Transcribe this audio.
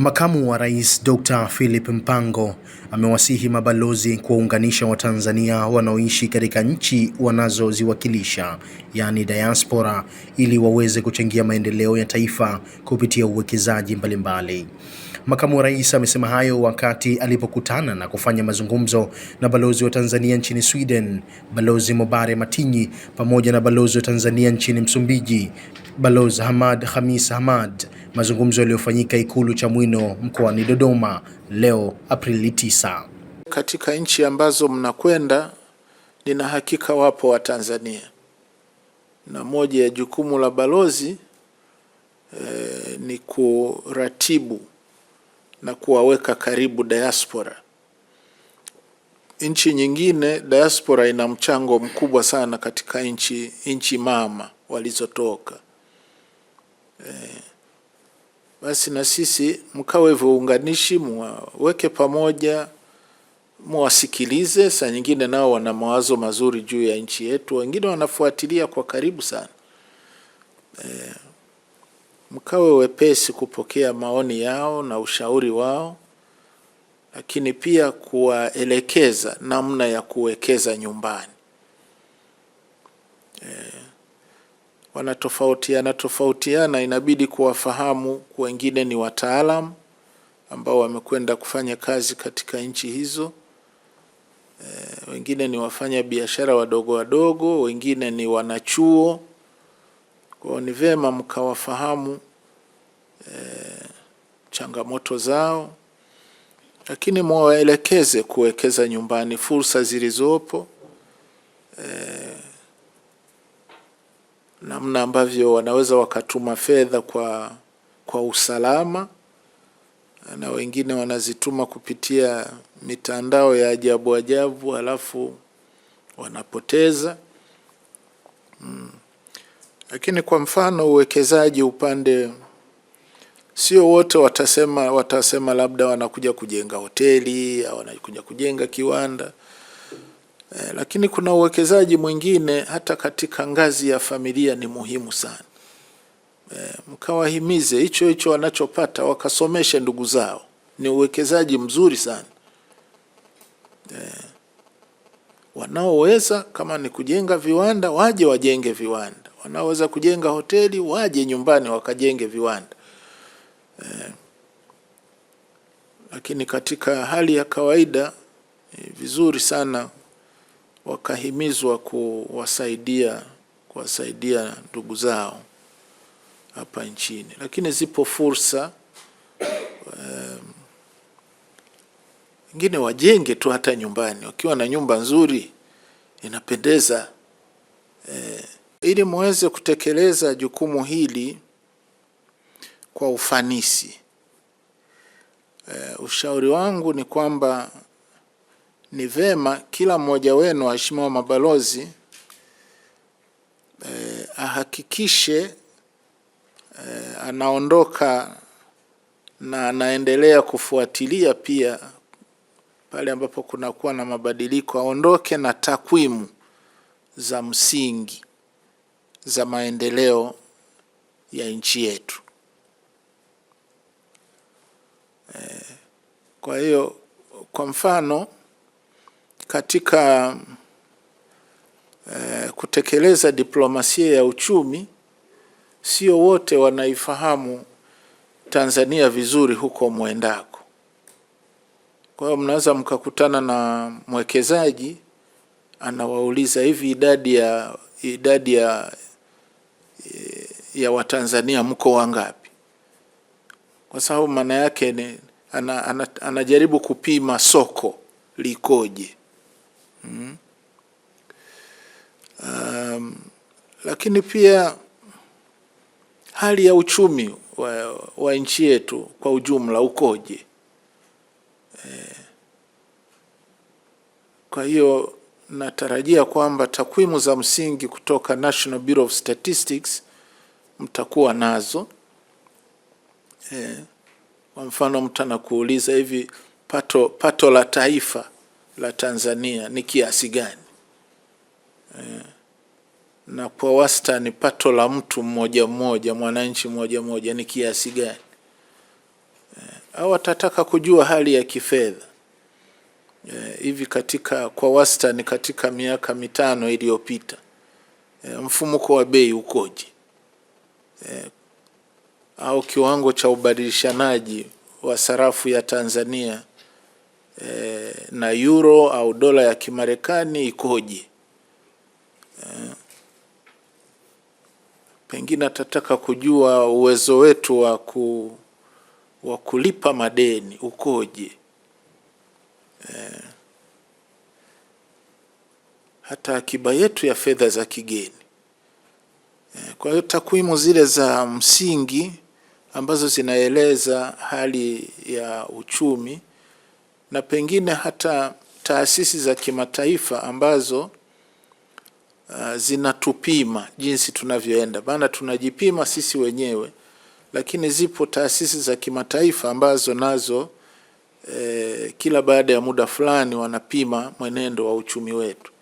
Makamu wa Rais Dr. Philip Mpango amewasihi mabalozi kuwaunganisha Watanzania wanaoishi katika nchi wanazoziwakilisha, yaani diaspora, ili waweze kuchangia maendeleo ya taifa kupitia uwekezaji mbalimbali. Makamu wa Rais amesema hayo wakati alipokutana na kufanya mazungumzo na balozi wa Tanzania nchini Sweden, Balozi Mobare Matinyi, pamoja na balozi wa Tanzania nchini Msumbiji, Balozi Hamad Khamis Hamad mazungumzo yaliyofanyika Ikulu Chamwino mkoani Dodoma leo Aprili 9. Katika nchi ambazo mnakwenda, nina hakika wapo Watanzania, na moja ya jukumu la balozi eh, ni kuratibu na kuwaweka karibu diaspora. Nchi nyingine diaspora ina mchango mkubwa sana katika nchi nchi mama walizotoka. Eh, basi na sisi mkawe vuunganishi unganishi, muweke pamoja, muwasikilize. Saa nyingine nao wana mawazo mazuri juu ya nchi yetu, wengine wanafuatilia kwa karibu sana e, mkawe wepesi kupokea maoni yao na ushauri wao, lakini pia kuwaelekeza namna ya kuwekeza nyumbani e, wanatofautiana tofautiana, inabidi kuwafahamu. Wengine ni wataalam ambao wamekwenda kufanya kazi katika nchi hizo, e, wengine ni wafanya biashara wadogo wadogo, wengine ni wanachuo. Kwao ni vema mkawafahamu e, changamoto zao, lakini mwawaelekeze kuwekeza nyumbani, fursa zilizopo e, namna ambavyo wanaweza wakatuma fedha kwa, kwa usalama na wengine wanazituma kupitia mitandao ya ajabu ajabu, halafu wanapoteza hmm. Lakini kwa mfano uwekezaji upande, sio wote watasema watasema labda wanakuja kujenga hoteli au wanakuja kujenga kiwanda eh, lakini kuna uwekezaji mwingine hata katika ngazi ya familia ni muhimu sana eh, mkawahimize hicho hicho wanachopata wakasomeshe ndugu zao, ni uwekezaji mzuri sana eh, wanaoweza kama ni kujenga viwanda waje wajenge viwanda, wanaoweza kujenga hoteli waje nyumbani wakajenge viwanda eh, lakini katika hali ya kawaida ni eh, vizuri sana wakahimizwa kuwasaidia kuwasaidia ndugu zao hapa nchini, lakini zipo fursa wengine um, wajenge tu hata nyumbani, wakiwa na nyumba nzuri inapendeza eh, ili muweze kutekeleza jukumu hili kwa ufanisi. Eh, ushauri wangu ni kwamba ni vema kila mmoja wenu waheshimiwa mabalozi eh, ahakikishe eh, anaondoka na anaendelea kufuatilia pia pale ambapo kunakuwa na mabadiliko, aondoke na takwimu za msingi za maendeleo ya nchi yetu. Eh, kwa hiyo kwa mfano katika eh, kutekeleza diplomasia ya uchumi, sio wote wanaifahamu Tanzania vizuri huko mwendako. Kwa hiyo mnaweza mkakutana na mwekezaji anawauliza hivi, idadi ya idadi ya ya Watanzania mko wangapi? Kwa sababu maana yake ni ana, ana, anajaribu kupima soko likoje mm. Um, lakini pia hali ya uchumi wa, wa nchi yetu kwa ujumla ukoje? E, kwa hiyo natarajia kwamba takwimu za msingi kutoka National Bureau of Statistics mtakuwa nazo e, kwa mfano mtu anakuuliza hivi pato, pato la taifa la Tanzania ni kiasi gani e, na kwa wastani pato la mtu mmoja mmoja, mwananchi mmoja mmoja ni kiasi gani e, au atataka kujua hali ya kifedha eh, hivi katika kwa wastani katika miaka mitano iliyopita e, mfumuko wa bei ukoje e, au kiwango cha ubadilishanaji wa sarafu ya Tanzania eh, na euro au dola ya Kimarekani ikoje? Eh, pengine atataka kujua uwezo wetu wa ku wa kulipa madeni ukoje. Eh, hata akiba yetu ya fedha za kigeni. Eh, kwa hiyo takwimu zile za msingi ambazo zinaeleza hali ya uchumi na pengine hata taasisi za kimataifa ambazo uh, zinatupima jinsi tunavyoenda, maana tunajipima sisi wenyewe, lakini zipo taasisi za kimataifa ambazo nazo eh, kila baada ya muda fulani wanapima mwenendo wa uchumi wetu.